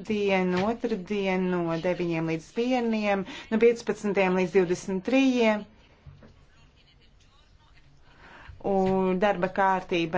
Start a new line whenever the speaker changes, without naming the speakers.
dienu, otrdien no 9 līdz 1, no 15 līdz 23. Un darba kārtība